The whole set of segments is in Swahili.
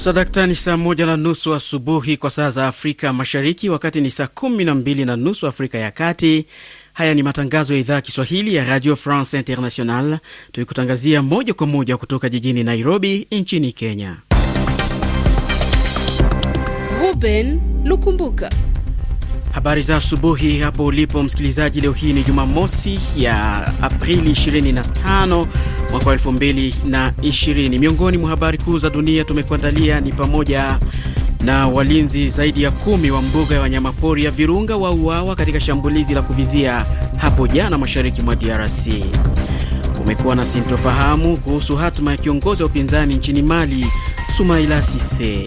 Sadakta ni saa moja na nusu asubuhi kwa saa za Afrika Mashariki, wakati ni saa kumi na mbili na nusu Afrika ya Kati. Haya ni matangazo ya idhaa ya Kiswahili ya Radio France International, tukikutangazia moja kwa moja kutoka jijini Nairobi nchini Kenya. Ruben Lukumbuka Habari za asubuhi hapo ulipo msikilizaji. Leo hii ni Jumamosi ya Aprili 25 mwaka wa 2020. Miongoni mwa habari kuu za dunia tumekuandalia ni pamoja na walinzi zaidi ya kumi wa mbuga ya wanyamapori ya Virunga wauawa katika shambulizi la kuvizia hapo jana mashariki mwa DRC. Kumekuwa na sintofahamu kuhusu hatma ya kiongozi wa upinzani nchini Mali, Sumaila Sise.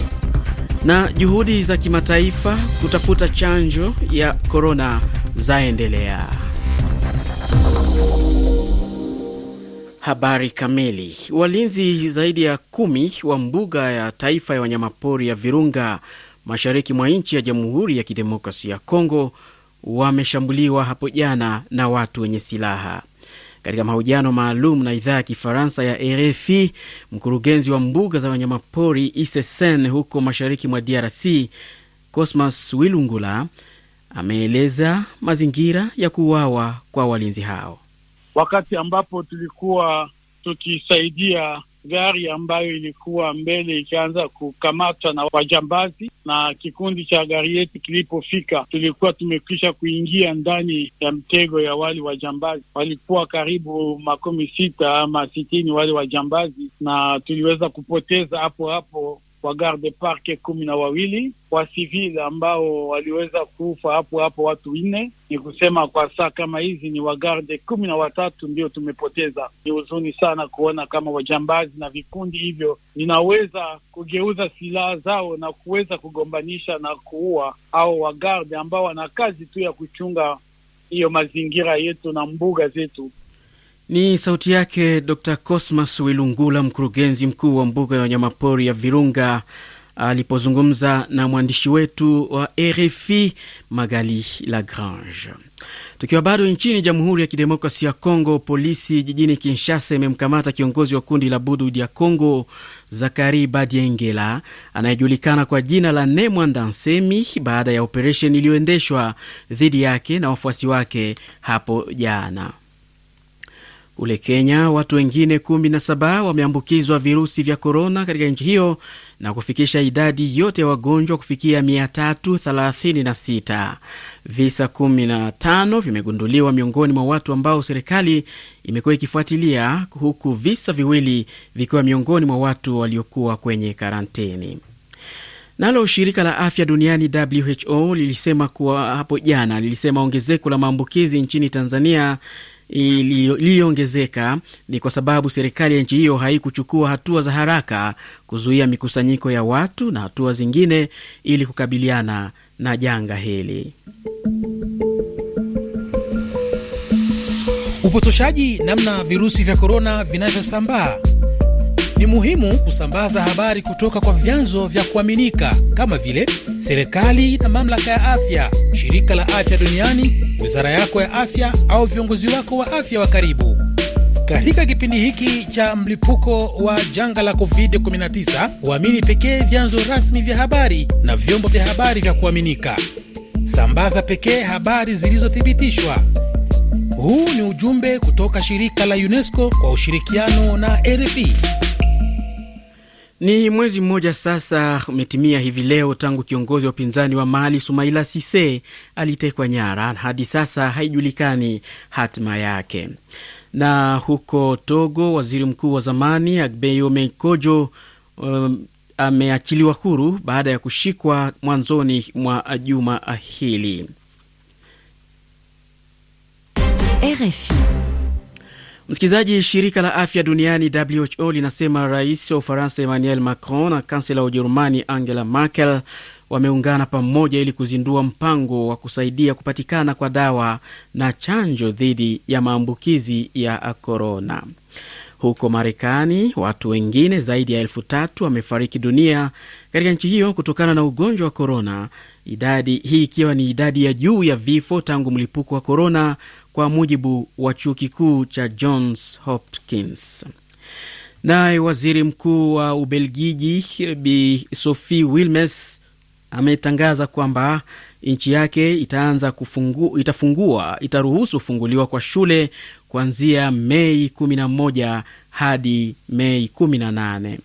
Na juhudi za kimataifa kutafuta chanjo ya korona zaendelea. Habari kamili. Walinzi zaidi ya kumi wa mbuga ya taifa ya wanyamapori ya Virunga mashariki mwa nchi ya Jamhuri ya Kidemokrasia ya Kongo wameshambuliwa hapo jana na watu wenye silaha. Katika mahojiano maalum na idhaa ya Kifaransa ya RFI, mkurugenzi wa mbuga za wanyamapori Isesen huko mashariki mwa DRC Cosmas Wilungula ameeleza mazingira ya kuuawa kwa walinzi hao. Wakati ambapo tulikuwa tukisaidia gari ambayo ilikuwa mbele ikaanza kukamatwa na wajambazi, na kikundi cha gari yetu kilipofika, tulikuwa tumekwisha kuingia ndani ya mtego ya wale wajambazi. Walikuwa karibu makumi sita ama sitini wale wajambazi, na tuliweza kupoteza hapo hapo wa garde park kumi na wawili wa sivil ambao waliweza kufa hapo hapo watu nne. Ni kusema kwa saa kama hizi ni wagarde kumi na watatu ndio tumepoteza. Ni huzuni sana kuona kama wajambazi na vikundi hivyo vinaweza kugeuza silaha zao na kuweza kugombanisha na kuua au wagarde ambao wana kazi tu ya kuchunga hiyo mazingira yetu na mbuga zetu. Ni sauti yake Dr Cosmas Wilungula, mkurugenzi mkuu wa mbuga ya wanyamapori ya Virunga alipozungumza na mwandishi wetu wa RFI Magali Lagrange. Tukiwa bado nchini Jamhuri ya kidemokrasi ya Kongo, polisi jijini Kinshasa imemkamata kiongozi wa kundi la Budud ya Kongo, Zakari Badiengela anayejulikana kwa jina la Nemwanda Nsemi baada ya operesheni iliyoendeshwa dhidi yake na wafuasi wake hapo jana. Kule Kenya, watu wengine 17 wameambukizwa virusi vya korona katika nchi hiyo na kufikisha idadi yote ya wagonjwa kufikia 336. Visa 15 vimegunduliwa miongoni mwa watu ambao serikali imekuwa ikifuatilia, huku visa viwili vikiwa miongoni mwa watu waliokuwa kwenye karantini. Nalo shirika la afya duniani WHO lilisema kuwa hapo jana lilisema ongezeko la maambukizi nchini Tanzania iliyoongezeka ni kwa sababu serikali ya nchi hiyo haikuchukua hatua za haraka kuzuia mikusanyiko ya watu na hatua zingine ili kukabiliana na janga hili. Upotoshaji namna virusi vya korona vinavyosambaa ni muhimu kusambaza habari kutoka kwa vyanzo vya kuaminika kama vile serikali na mamlaka ya afya, shirika la afya duniani, wizara yako ya afya au viongozi wako wa afya wa karibu. Katika kipindi hiki cha mlipuko wa janga la COVID-19, waamini pekee vyanzo rasmi vya habari na vyombo vya habari vya kuaminika. Sambaza pekee habari zilizothibitishwa. Huu ni ujumbe kutoka shirika la UNESCO kwa ushirikiano na RFI. Ni mwezi mmoja sasa umetimia hivi leo tangu kiongozi wa upinzani wa Mali Sumaila sise alitekwa nyara. Hadi sasa haijulikani hatima yake. Na huko Togo, waziri mkuu wa zamani Agbeyo Meikojo um, ameachiliwa huru baada ya kushikwa mwanzoni mwa juma hili. RFI Msikilizaji, shirika la afya duniani WHO linasema rais wa Ufaransa Emmanuel Macron na kansela wa Ujerumani Angela Merkel wameungana pamoja ili kuzindua mpango wa kusaidia kupatikana kwa dawa na chanjo dhidi ya maambukizi ya korona. Huko Marekani, watu wengine zaidi ya elfu tatu wamefariki dunia katika nchi hiyo kutokana na ugonjwa wa korona, idadi hii ikiwa ni idadi ya juu ya vifo tangu mlipuko wa korona kwa mujibu wa chuo kikuu cha Johns Hopkins. Naye waziri mkuu wa Ubelgiji Bi Sophie Wilmes ametangaza kwamba nchi yake itaanza kufungu, itafungua itaruhusu kufunguliwa kwa shule kuanzia Mei 11 hadi Mei 18.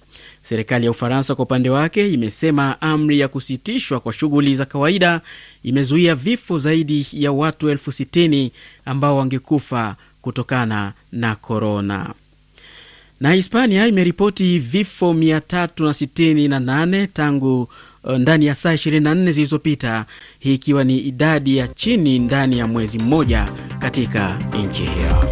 Serikali ya Ufaransa kwa upande wake imesema amri ya kusitishwa kwa shughuli za kawaida imezuia vifo zaidi ya watu elfu sitini ambao wangekufa kutokana na korona. Na Hispania imeripoti vifo 368 tangu uh, ndani ya saa 24 zilizopita, hii ikiwa ni idadi ya chini ndani ya mwezi mmoja katika nchi hiyo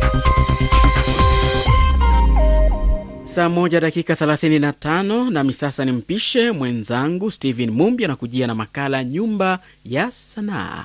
saa moja dakika 35 nami sasa ni mpishe mwenzangu Stephen Mumbi anakujia na makala nyumba ya sanaa.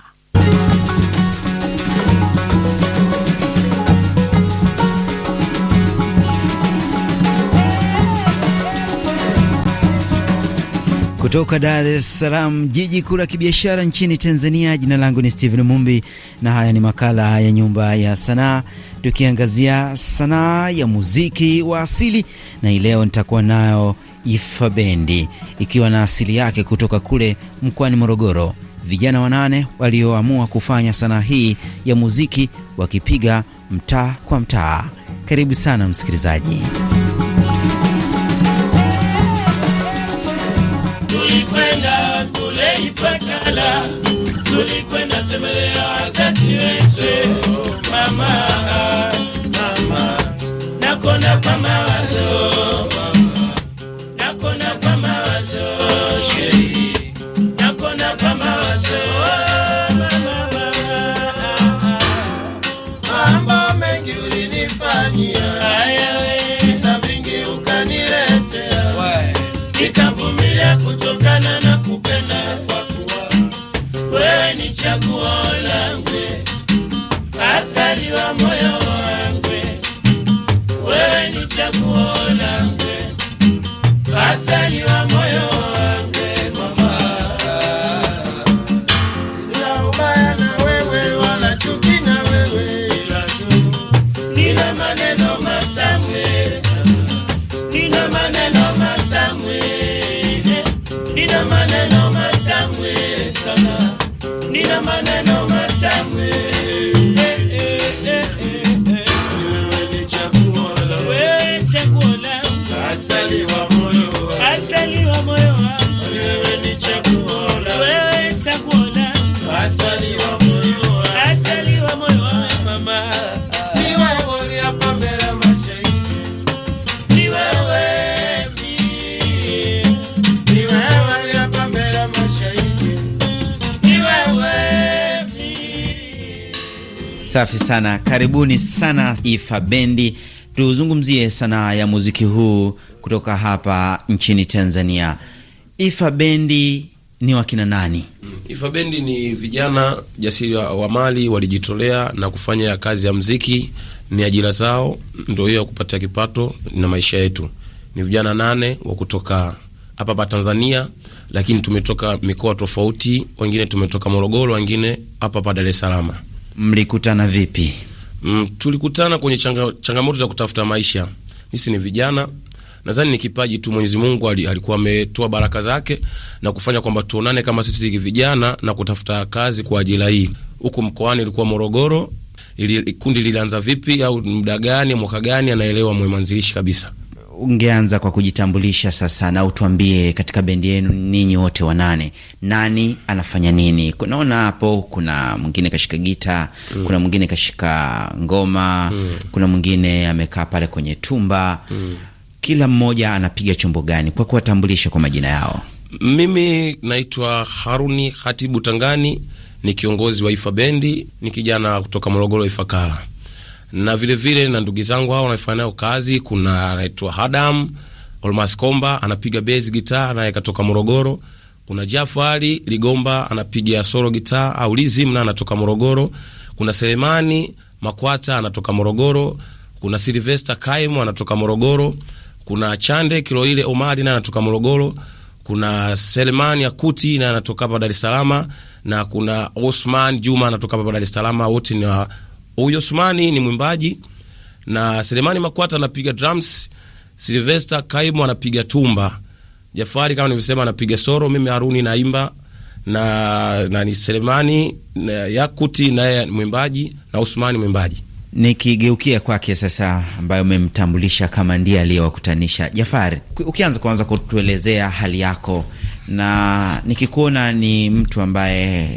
Kutoka Dar es Salaam, jiji kuu la kibiashara nchini Tanzania. Jina langu ni Stephen Mumbi na haya ni makala ya nyumba ya sanaa tukiangazia sanaa ya muziki wa asili, na hii leo nitakuwa nayo Ifa Bendi ikiwa na asili yake kutoka kule mkoani Morogoro. Vijana wanane walioamua kufanya sanaa hii ya muziki wakipiga mtaa kwa mtaa. Karibu sana msikilizaji. Tulikwenda kule Ifakala, tulikwenda tembelea wazazi wetu Gonna kwa out. Nina maneno matamu Nina sana Nina maneno matamu Safi sana, karibuni sana Ifa Bendi, tuzungumzie sanaa ya muziki huu kutoka hapa nchini Tanzania. Ifa Bendi ni wakina nani? Ifa Bendi ni vijana jasiri wa mali walijitolea na kufanya kazi ya mziki, ni ajira zao, ndio hiyo ya kupatia kipato na maisha yetu. Ni vijana nane wa kutoka hapa hapa Tanzania, lakini tumetoka mikoa tofauti, wengine tumetoka Morogoro, wengine hapa hapa Dar es Salaam. Mlikutana vipi? Mm, tulikutana kwenye changa, changamoto za kutafuta maisha. Sisi ni vijana, nadhani ni kipaji tu. Mwenyezi Mungu alikuwa ametoa baraka zake na kufanya kwamba tuonane kama sisi vijana na kutafuta kazi kwa ajira hii. huku mkoani ilikuwa Morogoro, ili, kundi lilianza vipi au muda gani mwaka gani, anaelewa mwemanzilishi kabisa ungeanza kwa kujitambulisha sasa, na utuambie katika bendi yenu ninyi wote wanane, nani anafanya nini? kunaona hapo kuna mwingine kashika gita mm. kuna mwingine kashika ngoma mm. kuna mwingine amekaa pale kwenye tumba mm. kila mmoja anapiga chombo gani? Kwa kuwatambulisha kwa majina yao. Mimi naitwa Haruni Hatibu Tangani, ni kiongozi wa Ifa Bendi, ni kijana kutoka Morogoro Ifakara na vilevile vile, na ndugu zangu hao wanafanya nayo kazi. Kuna anaitwa Adam Olmas Komba anapiga bass guitar naye katoka Morogoro. Kuna Jafari Ligomba anapiga solo guitar au lizim, na anatoka Morogoro. Kuna Selemani Makwata anatoka Morogoro. Kuna Silvester Kaimu anatoka Morogoro. Kuna Chande Kiloile Omari na anatoka Morogoro. Kuna Selemani Akuti na anatoka hapa Dar es Salaam, na kuna Osman Juma anatoka hapa Dar es Salaam. Wote ni Huyu Osmani ni mwimbaji na Selemani Makwata anapiga drums, Silvester Kaimo anapiga tumba, Jafari kama nilivyosema anapiga soro, mimi Haruni naimba na na ni Selemani na Yakuti naye mwimbaji na Usmani mwimbaji. Nikigeukia kwake sasa, ambayo umemtambulisha kama ndiye aliyewakutanisha Jafari, ukianza kuanza kutuelezea hali yako, na nikikuona ni mtu ambaye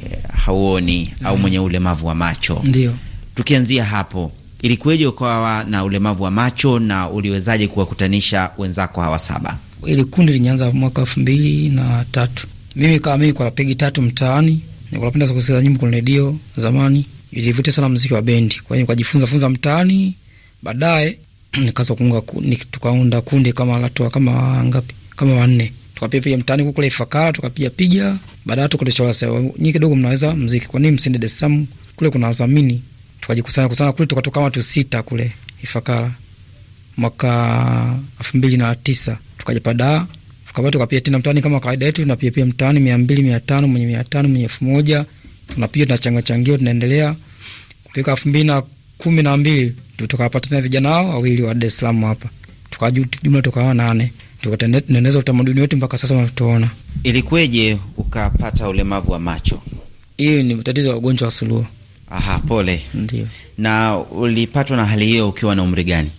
hauoni mm, au mwenye ulemavu wa macho, ndio Tukianzia hapo, ilikuweje ukawa na ulemavu wa macho na uliwezaje kuwakutanisha wenzako hawa saba? Ili kundi lilianza mwaka elfu mbili na tatu. Mimi kama mimi kwa pegi tatu mtaani, nikalipenda kusikiliza nyimbo kwenye redio zamani, nilivuta sana muziki wa bendi. Kwa hiyo nikajifunza funza mtaani, baadaye nikaanza kuunga tukaunda kundi kama watu kama ngapi? Kama wanne. Tukapiga mtaani kule Ifakara, tukapiga piga, baadaye tukatoshora sasa. Nyinyi kidogo mnaweza muziki. Kwa nini msiende Dar es Salaam? Kule kuna wadhamini tukajikusanya kusanya kule, tukatoka watu sita kule Ifakara mwaka elfu mbili na tisa tukaja Padaa tukapata tukapia tena mtaani kama kawaida yetu, tunapia pia mtaani mia mbili mia tano mwenye mia tano mwenye elfu moja tunapia tunachanga changio tunaendelea kupika. elfu mbili na kumi na mbili tukapata tena vijana hao wawili wa Dar es Salaam hapa, tukajumla tukawa nane tukatengeneza utamaduni wetu mpaka sasa unatuona. Ilikuweje ukapata ulemavu wa macho? Hii ni tatizo la ugonjwa wa suluhu Aha, pole. Ndiyo. Na ulipatwa na hali hiyo ukiwa na umri gani?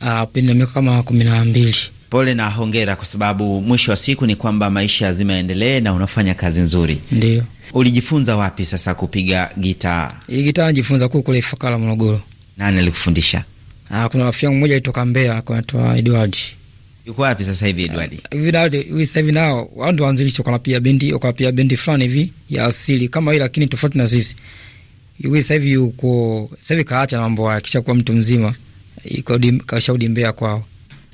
Ah, pindi miaka kama kumi na mbili. Pole na hongera, kwa sababu mwisho wa siku ni kwamba maisha lazima yaendelee na unafanya kazi nzuri. Ndiyo. Ulijifunza wapi sasa kupiga gitaa? Hii gitaa najifunza kuu kule Ifakara, Morogoro. Nani alikufundisha? Ah, kuna rafiki yangu mmoja alitoka Mbeya, anaitwa Edward. Yuko wapi sasa hivi Edward? Ah, hivi hivi sasa hivi nao wao ndio waanzilishi, wakawa pia bendi, wakawa pia bendi fulani hivi ya asili kama hii, lakini tofauti na sisi iwe sasa hivi uko sasa hivi kaacha mambo kisha kuwa mtu mzima, kashaudi Mbeya kwao.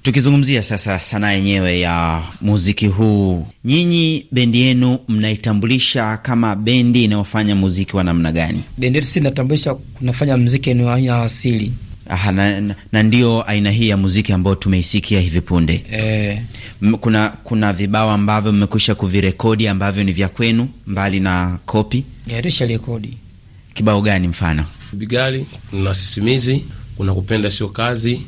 Tukizungumzia sasa sanaa yenyewe ya muziki huu, nyinyi bendi yenu mnaitambulisha kama bendi inayofanya muziki wa namna gani? Bendi yetu sisi inatambulisha kunafanya muziki ni aina asili. Aha, na, na na ndio aina hii ya muziki ambayo tumeisikia hivi punde e. Kuna, kuna vibao ambavyo mmekwisha kuvirekodi ambavyo ni vya kwenu mbali na kopi? E, tusharekodi Kibao gani mfano? Bigali na sisimizi, kuna kupenda sio kazi,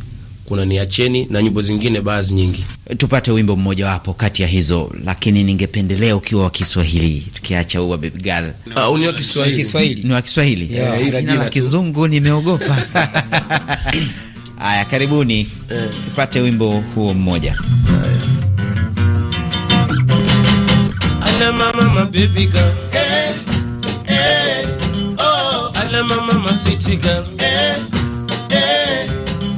kuna niacheni na nyimbo zingine baadhi nyingi. E, tupate wimbo mmoja wapo kati ya hizo, lakini ningependelea ukiwa wa Kiswahili, tukiacha huwa wa Baby Girl. Ah, ni wa Kiswahili, ni wa Kiswahili. yeah, la kizungu nimeogopa. Haya, karibuni yeah. tupate wimbo huo mmoja. yeah. mama, mama baby girl. Hey. Alama mama city girl. Eh, eh,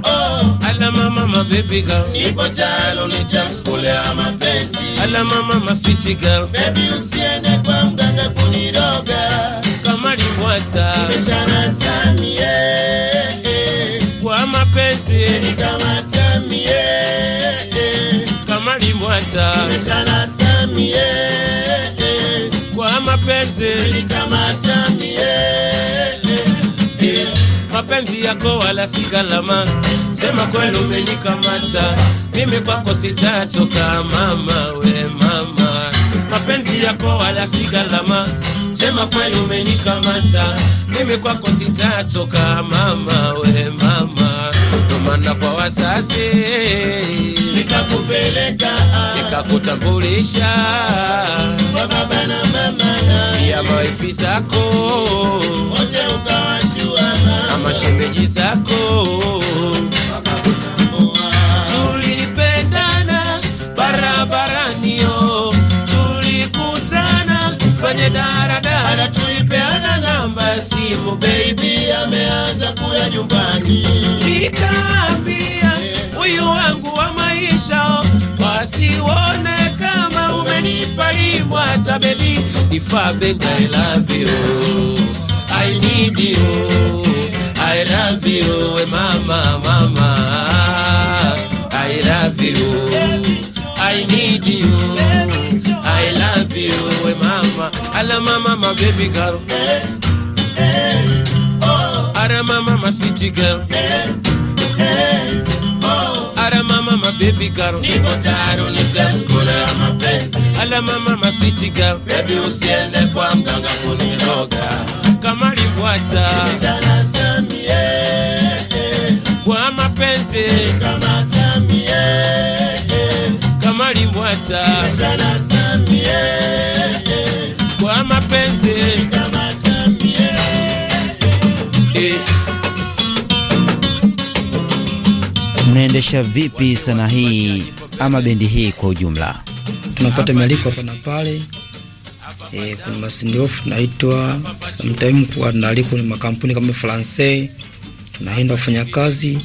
oh. Alama mama baby girl. Nipo chalo ni jam school ya mapenzi. Alama mama city girl. Baby usiende kwa mganga kuniroga. Kama limbwata. Nimeshana samie. Eh, eh. Kwa mapenzi. Nikamata mie. Eh, eh, Kama limbwata. Nimeshana samie. Eh, eh, kwa mapenzi. Nikamata mie. Eh, mapenzi yako wala si kalama. Sema kweli umenikamata mimi, kwako sitatoka mama, we mama, mapenzi yako wala si kalama. Sema kweli umenikamata mimi, kwako sitatoka mama, we mama, ndomana kwa wasasi nikakupeleka ah. nikakutambulisha kwa baba na mama na ya mawifi zako wote ukawa mashemeji zako tulipendana barabaranio tulikutana kwenye daradara tulipeana namba ya simu baby ameanza kuya nyumbani nikaambia huyu wangu wa maisha wasione kama umenipa bebi ifabe I love you I need you I love you, mama, mama. I love you. I need you. I love you, mama. Ala mama, my baby girl. Ara mama, my city girl. Ara mama, my baby girl. Nibotaro ni temskula my best. Ala mama, my city girl. Baby usiende kwa mganga kuniroga. Kamari bwacha. Kizalasi. kwa mapenzi kama tamie kama limbwata sana samie kwa mapenzi kama tamie Mnaendesha vipi sana hii ama bendi hii kwa ujumla? Tunapata mialiko hapa na pale eh, kuna masindi off naitwa sometime kwa naaliko ni makampuni kama France tunaenda kufanya kazi,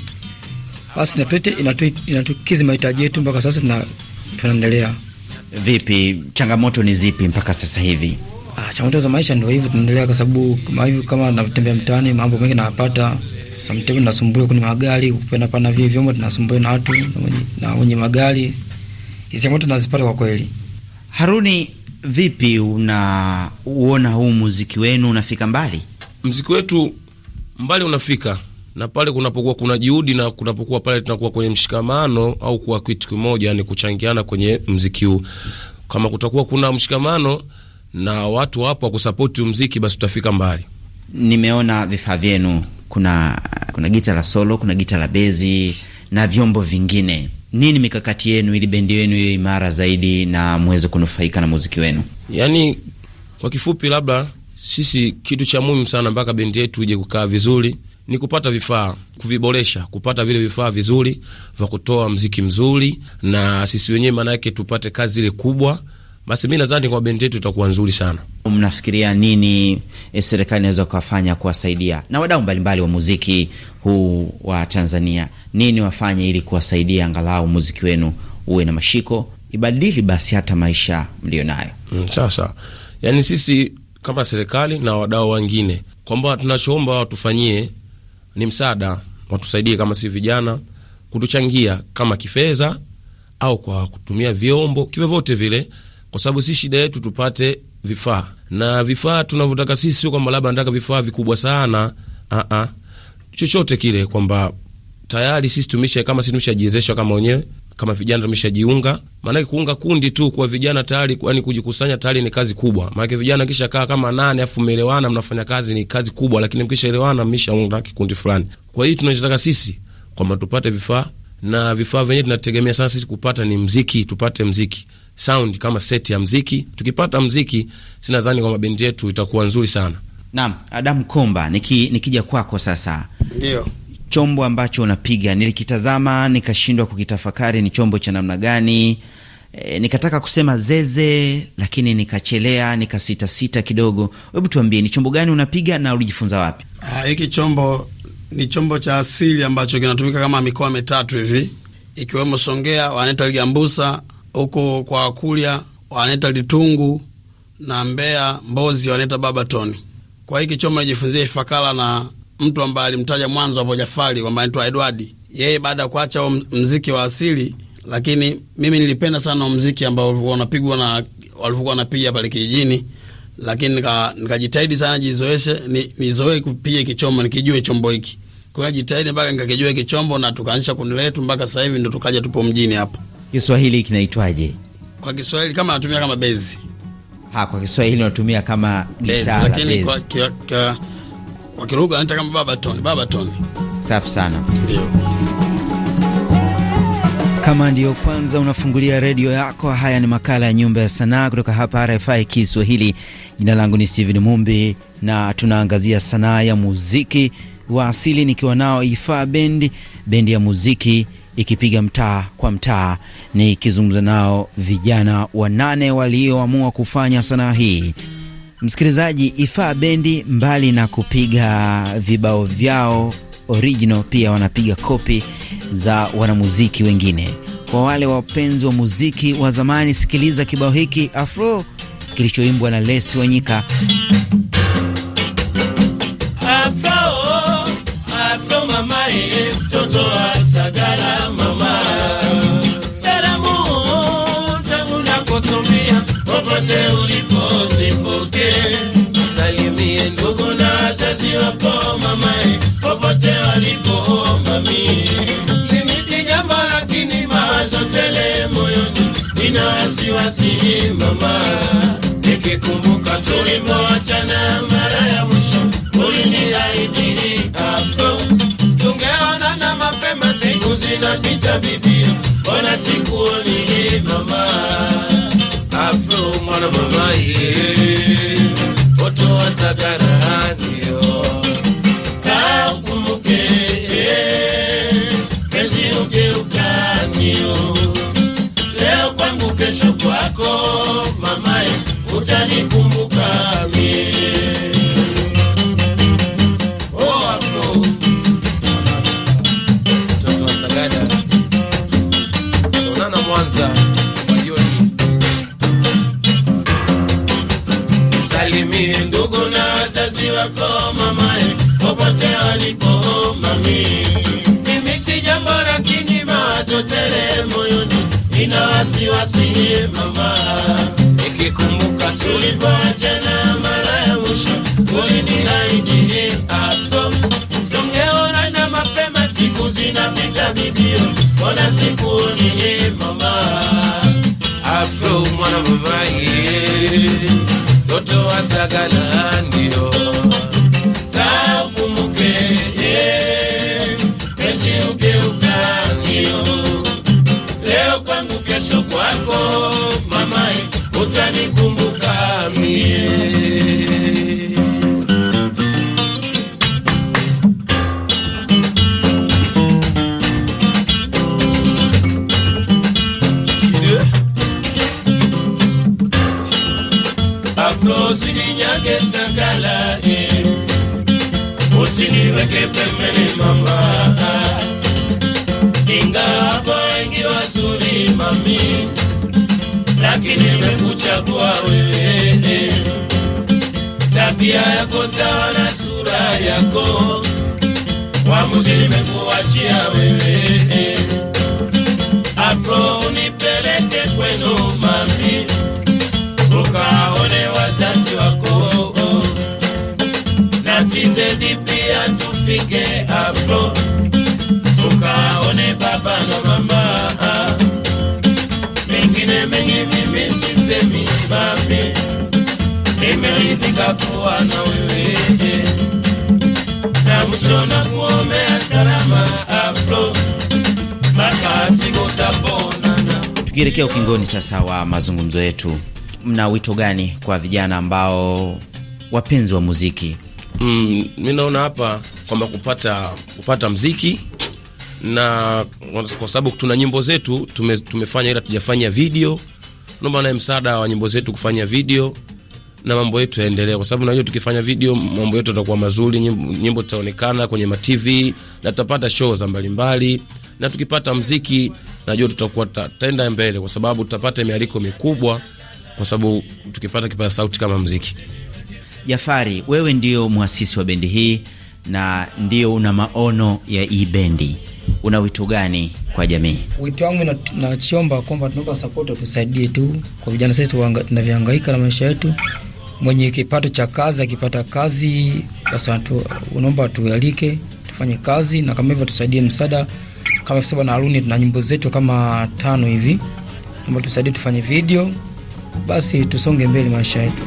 basi inatukizi mahitaji yetu mpaka sasa tuna, tunaendelea. Vipi, changamoto ni zipi mpaka sasa hivi? Ah, changamoto za maisha ndio hivyo, tunaendelea kwa sababu kama hivyo, kama natembea mtaani, mambo mengi napata sometimes nasumbuliwa kwenye magari kupenda pana vile vyombo, tunasumbuliwa na watu na wenye magari. Hizi changamoto tunazipata kwa kweli. Haruni, vipi unauona huu muziki wenu unafika mbali? Muziki wetu mbali unafika na pale kunapokuwa kuna juhudi na kunapokuwa pale tunakuwa kwenye mshikamano au kuwa kitu kimoja, ni kuchangiana kwenye mziki huu. Kama kutakuwa kuna mshikamano na watu wapo wakusapoti mziki, basi tutafika mbali. Nimeona vifaa vyenu, kuna kuna gita la solo, kuna gita la bezi na vyombo vingine. Nini mikakati yenu ili bendi yenu iwe imara zaidi na mweze kunufaika na muziki wenu? Yani kwa kifupi, labda sisi kitu cha muhimu sana mpaka bendi yetu ije kukaa vizuri ni kupata vifaa, kuviboresha, kupata vile vifaa vizuri vya kutoa mziki mzuri, na sisi wenyewe maana yake tupate kazi ile kubwa. Basi mi nadhani kwa bendi yetu itakuwa nzuri sana. Mnafikiria nini e, serikali inaweza kuwafanya kuwasaidia na wadau mbalimbali wa muziki huu wa Tanzania? Nini wafanye ili kuwasaidia angalau muziki wenu uwe na mashiko, ibadili basi hata maisha mliyo nayo? Mm, sasa yani sisi kama serikali na wadau wengine kwamba tunachoomba watufanyie ni msaada, watusaidie kama si vijana, kutuchangia kama kifedha au kwa kutumia vyombo kivyovyote vile, kwa sababu si shida yetu tupate vifaa na vifaa tunavyotaka sisi, sio kwamba labda nataka vifaa vikubwa sana a -uh. chochote kile, kwamba tayari sisi tumisha kama sisi tumeshajiwezesha kama wenyewe kama vijana tumeshajiunga, maanake kuunga kundi tu kwa vijana tayari, yani kujikusanya tayari ni kazi kubwa. Maanake vijana kisha kaa kama nane, afu mmeelewana, mnafanya kazi, ni kazi kubwa, lakini mkishaelewana, mmeshaunda kikundi fulani. Kwa hiyo tunachotaka sisi kwamba tupate vifaa na vifaa vyenyewe tunategemea sana sisi kupata ni mziki, tupate mziki sound kama set ya mziki. Tukipata mziki, sinadhani kwamba bendi yetu itakuwa nzuri sana. Naam, Adam Komba, nikija niki kwako sasa, ndio chombo ambacho unapiga, nilikitazama nikashindwa kukitafakari ni chombo cha namna gani. E, nikataka kusema zeze lakini nikachelea, nikasitasita kidogo. Hebu tuambie, ni chombo gani unapiga na ulijifunza wapi? Ah, hiki chombo ni chombo cha asili ambacho kinatumika kama mikoa mitatu hivi, ikiwemo Songea wanaita ligambusa, huko kwa Wakulya wanaita litungu na Mbeya Mbozi wanaita babatoni. Kwa hiki chombo najifunzia Ifakala na mtu ambaye alimtaja mwanzo hapo Jafari kwamba anaitwa Edward, yeye baada ya kuacha mziki wa asili, lakini mimi nilipenda sana mziki ambao ulikuwa unapigwa na walivyokuwa wanapiga pale kijijini, lakini nikajitahidi nika sana jizoeshe, nizoee ni kupiga kichombo, nikijue chombo hiki kwa jitahidi mpaka nikakijua kichombo na tukaanisha kundi letu mpaka sasa hivi ndo tukaja tupo mjini hapa. Kiswahili kinaitwaje? Kwa Kiswahili kama natumia kama bezi. Ha, kwa Kiswahili natumia kama gitaa. Lakini kwa, kwa, kwa, kwa kwa Kilugha anaita kama baba Babatoni, safi sana, ndio. Kama ndiyo kwanza unafungulia redio yako, haya ni makala ya Nyumba ya Sanaa kutoka hapa RFI Kiswahili. Jina langu ni Steven Mumbi na tunaangazia sanaa ya muziki wa asili, nikiwa nao Ifaa Bendi, bendi ya muziki ikipiga mtaa kwa mtaa, nikizungumza nao vijana wanane walioamua kufanya sanaa hii. Msikilizaji, Ifaa bendi mbali na kupiga vibao vyao original, pia wanapiga kopi za wanamuziki wengine. Kwa wale wapenzi wa muziki wa zamani, sikiliza kibao hiki afro kilichoimbwa na Lesi Wanyika. Afro, afro mama yetu ya bibi, mbona sikuoni e mama? Afro mwana mama ye, poto wa sagara ndio kakumbuke, penzi ugeuka ndio leo kwangu, kesho kwako mamae, utanikumbuka Salimie ndugu na wazazi wako mamae, popote walipo mami. Mimi si jambo lakini mawazo tele moyoni, nina wasiwasi mama, nikikumbuka tulivyoachana mara ya mwisho, uliniahidi afu na mapema, siku zinapita bibio, mbona sikuoni mama? Afro mwana mamaye Toto tó wá ṣàgàlà nìyó. usininyage Sakala, eh. pembeni mama, ingawa wengi wazuri mami, lakini nimekuchagua wewe eh. tabia yako sawa na sura yako, mwamuzi nimekuachia wewe eh. afro unipeleke kwenu mami tukaone wazazi wako, na sizeni pia tufike hapo tukaone baba na mama. Mengine mengi mimi sisemi mami, nimeridhika kuwa na wewe na mwisho na kuomea salama afro mpaka siku tutaponana. Tukielekea ukingoni sasa wa mazungumzo yetu mna wito gani kwa vijana ambao wapenzi wa muziki? Mm, mi naona hapa kwamba kupata, kupata mziki na kwa sababu tuna nyimbo zetu tume, tumefanya ila tujafanya video. Naomba naye msaada wa nyimbo zetu kufanya video na mambo yetu yaendelee, kwa sababu najua tukifanya video mambo yetu yatakuwa mazuri, nyimbo zitaonekana kwenye ma TV na tutapata show za mbalimbali, na tukipata mziki najua tutakuwa tutaenda mbele, kwa sababu tutapata mialiko mikubwa kwa sababu tukipata kipaza sauti kama mziki. Jafari, wewe ndio mwasisi wa bendi hii na ndio una maono ya hii bendi, una wito gani kwa jamii? Wito wangu nachiomba kwamba tunaomba support, tusaidie tu kwa vijana sasa, tunavyohangaika na maisha yetu. Mwenye kipato cha kazi akipata kazi, basi unaomba tualike tufanye kazi, na kama hivyo tusaidie msaada kama sasa na Aruni tuna nyimbo zetu kama tano hivi, naomba tusaidie tufanye video basi tusonge mbele maisha yetu.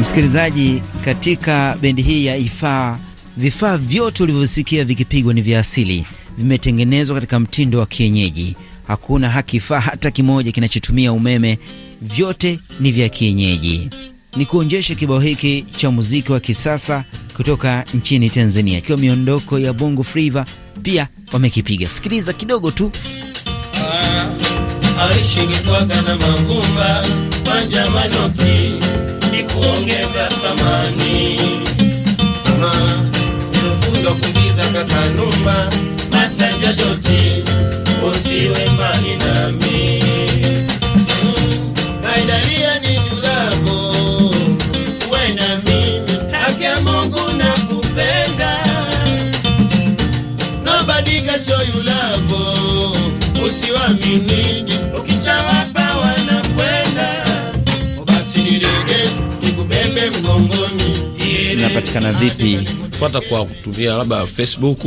Msikilizaji, katika bendi hii ya Ifaa, vifaa vyote ulivyosikia vikipigwa ni vya asili, vimetengenezwa katika mtindo wa kienyeji. Hakuna hakifaa hata kimoja kinachotumia umeme, vyote ni vya kienyeji. Ni kuonjesha kibao hiki cha muziki wa kisasa kutoka nchini Tanzania, ikiwa miondoko ya bongo flava pia wamekipiga. Sikiliza kidogo tu malishigitwaga na mavumba manja manoti nikuongeza thamani mama nilifundwa kugiza kakanumba masanja joti usiwe mbali nami unapatikana vipi? Pata kwa kutumia labda Facebook,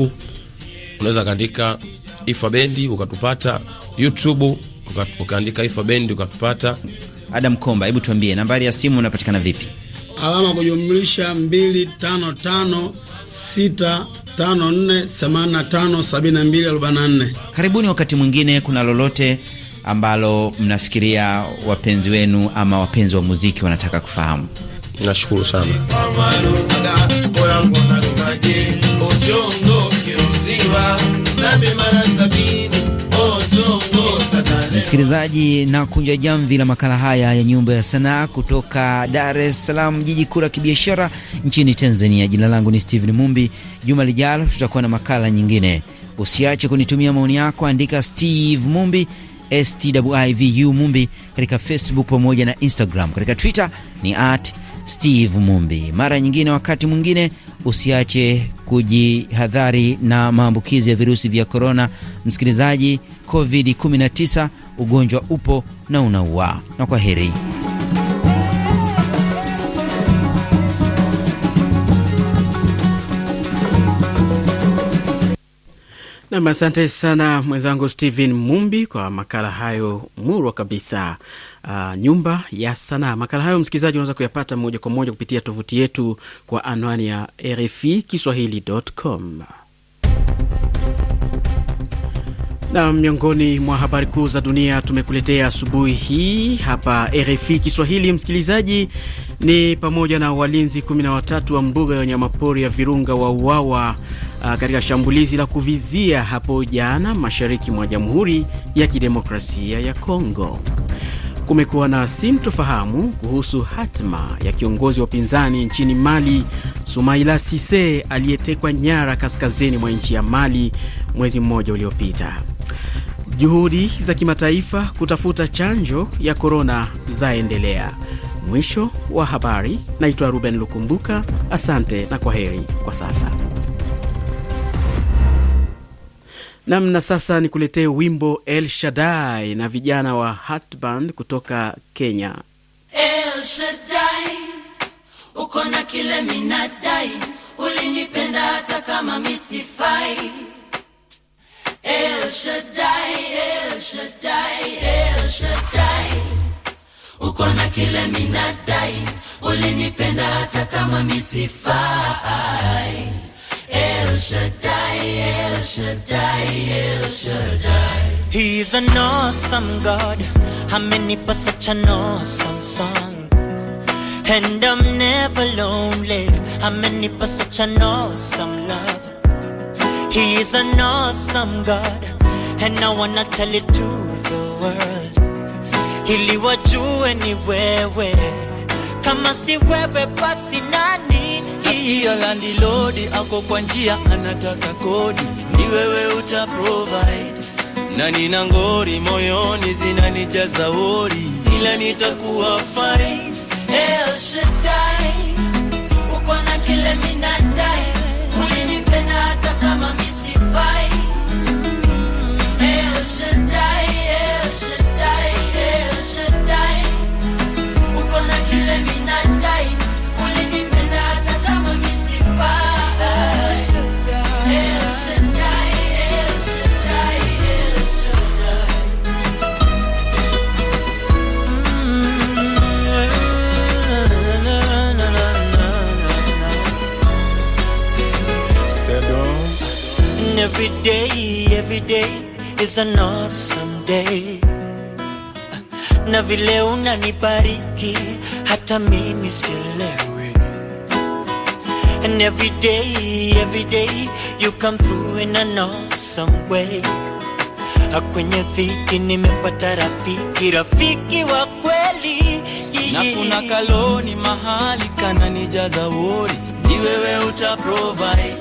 unaweza kaandika Ifa Bendi ukatupata. YouTube ukaandika Ifa Bendi ukatupata. Adam Komba, hebu tuambie nambari ya simu unapatikana vipi? alama kujumlisha 255 Karibuni wakati mwingine, kuna lolote ambalo mnafikiria wapenzi wenu ama wapenzi wa muziki wanataka kufahamu. Nashukuru sana. Msikilizaji, na kunja jamvi la makala haya ya nyumba ya sanaa kutoka Dar es Salaam, jiji kuu la kibiashara nchini Tanzania. Jina langu ni Steven Mumbi. Juma lijalo tutakuwa na makala nyingine. Usiache kunitumia maoni yako, andika Steve Mumbi Stivu Mumbi katika Facebook pamoja na Instagram. Katika Twitter ni at Steve Mumbi. Mara nyingine, wakati mwingine, usiache kujihadhari na maambukizi ya virusi vya korona. Msikilizaji, COVID-19 ugonjwa upo na unaua, na kwa heri. Nam, asante sana mwenzangu Stephen Mumbi kwa makala hayo murwa kabisa uh, nyumba ya sanaa. Makala hayo msikilizaji, unaweza kuyapata moja kwa moja kupitia tovuti yetu kwa anwani ya RFI Kiswahili.com. Na miongoni mwa habari kuu za dunia tumekuletea asubuhi hii hapa RFI Kiswahili, msikilizaji, ni pamoja na walinzi 13 wa mbuga ya wanyamapori ya Virunga wa uawa ah, katika shambulizi la kuvizia hapo jana mashariki mwa Jamhuri ya Kidemokrasia ya Kongo. Kumekuwa na sintofahamu kuhusu hatima ya kiongozi wa upinzani nchini Mali, sumaila Sise, aliyetekwa nyara kaskazini mwa nchi ya Mali mwezi mmoja uliopita. Juhudi za kimataifa kutafuta chanjo ya korona zaendelea. Mwisho wa habari. Naitwa Ruben Lukumbuka, asante na kwa heri kwa sasa. namna. Sasa nikuletee wimbo El Shaddai na vijana wa Hatband kutoka Kenya. El Shaddai, uko na kile minadai, ulinipenda hata kama misifai. uko na kile minadai, ulinipenda hata kama misifai He's an awesome God. How many in such an awesome song. And I'm never lonely. How many in for such an awesome love. He's an awesome God. And I wanna tell it to the world. He'll you wajue ni wewe. Kama si wewe basi nani? landi lodi ako kwa njia anataka kodi, ni wewe uta provide, na nina ngori moyoni zinanijaza wori, ila nitakuwa fine. El Shaddai, uko na kile minadai, ulinipenda hata kama misifai day, every day is an awesome day. Na vile unanibariki hata mimi silewe. And every day, every day you come through in an awesome way. Kwenye dhiki nimepata rafiki, rafiki wa kweli. Na kuna kaloni mahali kana nijaza wori ni wewe uta provide.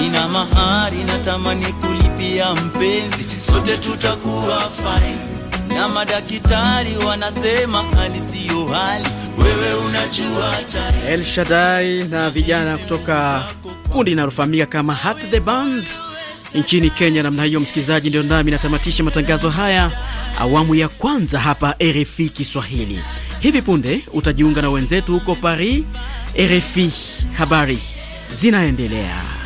Nina mahari natamani kulipia mpenzi, sote tutakuwa fine, na madaktari wanasema hali siyo hali, wewe unajua time. El Shaddai na vijana kutoka kundi linalofahamika kama Hat the Band nchini Kenya. Namna hiyo, msikilizaji, ndio nami natamatisha matangazo haya awamu ya kwanza hapa RFI Kiswahili. Hivi punde utajiunga na wenzetu huko Paris RFI habari zinaendelea.